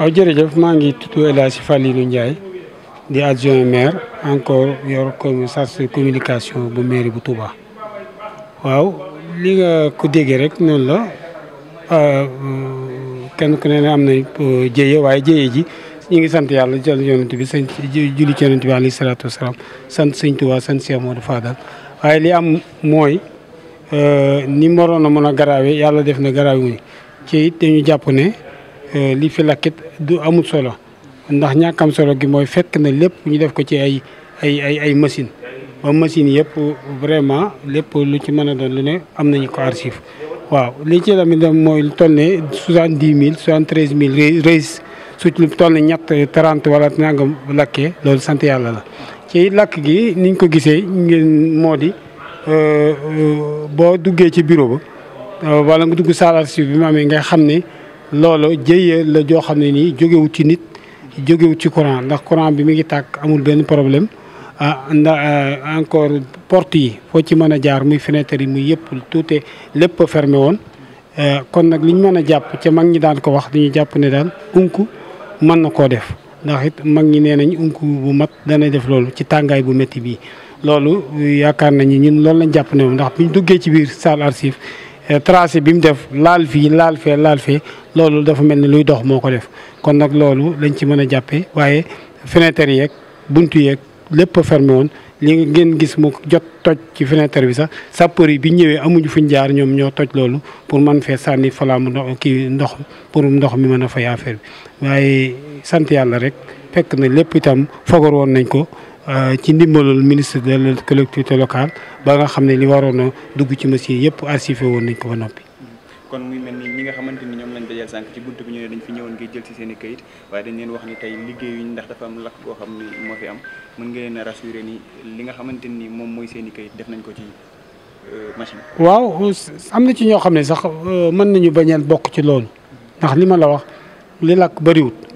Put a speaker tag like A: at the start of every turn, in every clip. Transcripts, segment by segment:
A: waaw jërëjëf maa ngi tudd El Hadj Falilou Ndiaye di adjoint maire encore yor comme chargé communication bu mairie bu Touba. waaw li nga ko déggee rek noonu la euh, kenn ku ne am na euh, jëye waaye jëye ji ñu ngi sant yàlla jël yonent bi sant julli ci yonent bi alayhi salaatu wasalaam sant sëñ Touba sant Cheikh Modou waaye li am mooy euh, ni moroon a mën a garaawe yàlla def na garaawe wuñu ci dañu jàpp ne. Euh, li fi lakkit du amul solo ndax ñàkkam solo gi mooy fekk na lépp ñu def ko ci ay ay ay ay machine ba machine yëpp vraiment lépp lu ci mën a doon lu ne am nañu ko archive waaw li ci tamit mooy lu toll ne soixante dix mille soixante treize mille reis su lu toll ne ñett trente wala nangam lakkee loolu sant yàlla la ci lakk gi niñ ko gisee ngeen moo di euh, euh, boo duggee ci bureau ba wala nga dugg salle archive bi mu amee nga xam ne loolu jëye la joo xam ne nii jógewut ci nit jógewut ci courant ndax courant bi mi ngi tàkk amul benn problème ah ndax ah, encore porte yi foo ci mën a jaar muy fenêtre yi muy yëpp tuute lépp fermé woon eh, kon nag li ñu mën a jàpp ca mag ñi daan ko wax dañuy jàpp ne daal unku mën na koo def ndax it mag ñi nee nañ unku bu mat dana def loolu ci tàngaay bu métti bii loolu yaakaar nañu ñun loolu lañ jàpp ne moom ndax buñ duggee ci biir salle archive Eh, tracé bi mu def laal fii laal fee laal fee loolu dafa mel ni luy dox moo ko def kon nag loolu lañ ci mën a jàppee waaye fenêtre yeeg buntu yeeg lépp a fermé woon li ngeen gis mu jot toj ci fenêtre bi sax sapeur yi bi ñëwee amuñu fuñ jaar ñoom ñoo toj loolu pour man fee sànni falaamu ndox kii ndox pour ndox mi mën a fay affaire bi waaye sant yàlla rek. fekk na lépp itam fogar woon nañ ko euh, ci ndimbalul ministre de la collectivité locale ba nga xam ne li waroon a dugg ci machine yëpp archivé woon nañ ko ba noppi. kon muy mel ni ñi nga xamante ni ñoom lañ dajal sànq ci buntu bi ñu ne dañ fi ñëwoon ngir jël si seen i kayit tey liggéeyuñ ndax dafa am lakk goo xam ni moo fi am mën nga leen a rassuré li nga xamante ni moom mooy seen i kayit def nañ ko ci euh, machine. waaw am na ci ñoo xam ne sax euh, mën nañu bañ a bokk ci loolu ndax li ma la wax li lakk bëriwut.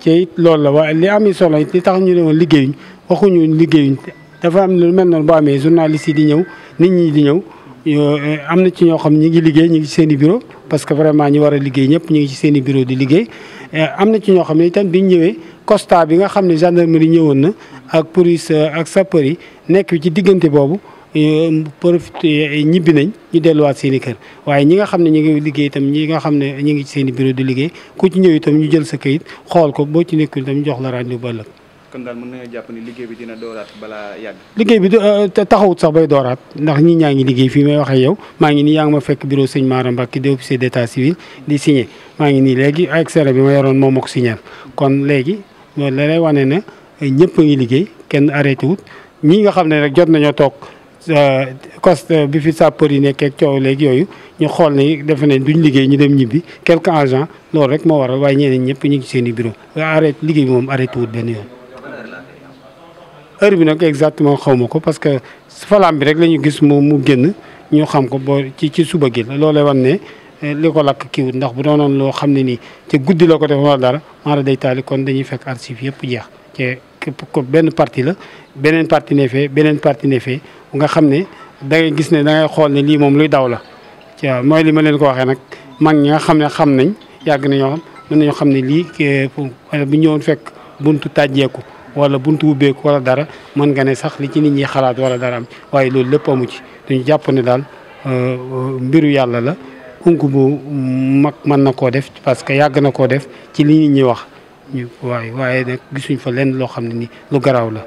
A: ci it loolu la waaye li am solo it li tax ñu ne liggéey liggéeyuñ waxuñu liggéeyuñ dafa am lu mel noonu boo amee journaliste yi di ñëw nit ñi di ñëw eh, am na ci ñoo xam ñi ngi liggéey ñi ngi ci seen i bureau parce que vraiment ñi war a liggéey ñëpp ñi ngi ci seen i bureau di liggéey eh, am na ci ñoo xam ne itam biñ ñëwee constat bi nga xam ne gendarmerie ñëwoon na ak police eh, ak sapeur yi nekk ci diggante boobu Euh, profité euh, ñibbi nañ ñu delluwaat seen i kër waaye ñi nga xam ne ñu ngi liggéey itam ñi nga xam ne ñu ngi ci seen i bureau di liggéey ku ci ñëw itam ñu jël sa kayit xool ko boo ci nekkul itam jox la rendez-vous ba ëllëg. kon daal mën nañoo jàpp ni liggéey bi dina dooraat balaa yàgg. liggéey bi euh, taxawut sax bay dooraat ndax ñii ñaa ngi liggéey fii may waxee yow maa ngi nii yaa ngi ma fekk bureau sëñ Mara Mbacke di officier d'état civil di signé maa ngi nii léegi ak serre bi ma yoroon moom moo ko signé kon léegi loolu la lay wane na ñëpp a ngi liggéey kenn arrêté wut ñii nga xam ne rek jot nañoo toog Euh, coste bi fi sapeur yi nekkee coow léegi yooyu ñu xool ni defe ne duñ liggéey ñu dem ñibbi quelques agents loolu rek moo war a waaye ñeneen ñëpp ñu ngi seen i bureau arrêté liggéey moom arrêté wut benn yoon. heure bi nag exactement xaw ma ko parce que falaam bi rek la ñu gis moom mu génn ñu xam ko boo ci ci suba gi la loolee wan ne eh, li ko lakk kiiwut ndax bu noonu loo xam ne nii te guddi la ko def wala dara mara day taali kon dañu fekk archive yëpp jeex képp ko benn parti la beneen parti ne fee beneen parti ne fee nga xam ne da gis ne da xool ne lii moom luy daw la. waaw mooy li ma leen ko waxee nag mag ñi nga xam ne xam nañ yàgg nañoo xam mën nañoo xam ne lii bu ñëwoon fekk buntu tàjjeeku wala buntu ubbeeku wala dara mën nga ne sax li ci nit ñi xalaat wala waaye loolu lépp amu ci dañu jàpp ne daal euh, euh, mbiru yàlla la. unk bu mag mën na koo def parce que yàgg na koo def ci li nit ñi wax waaye waaye nag gisuñ fa lenn loo xam ne ni lu garaaw la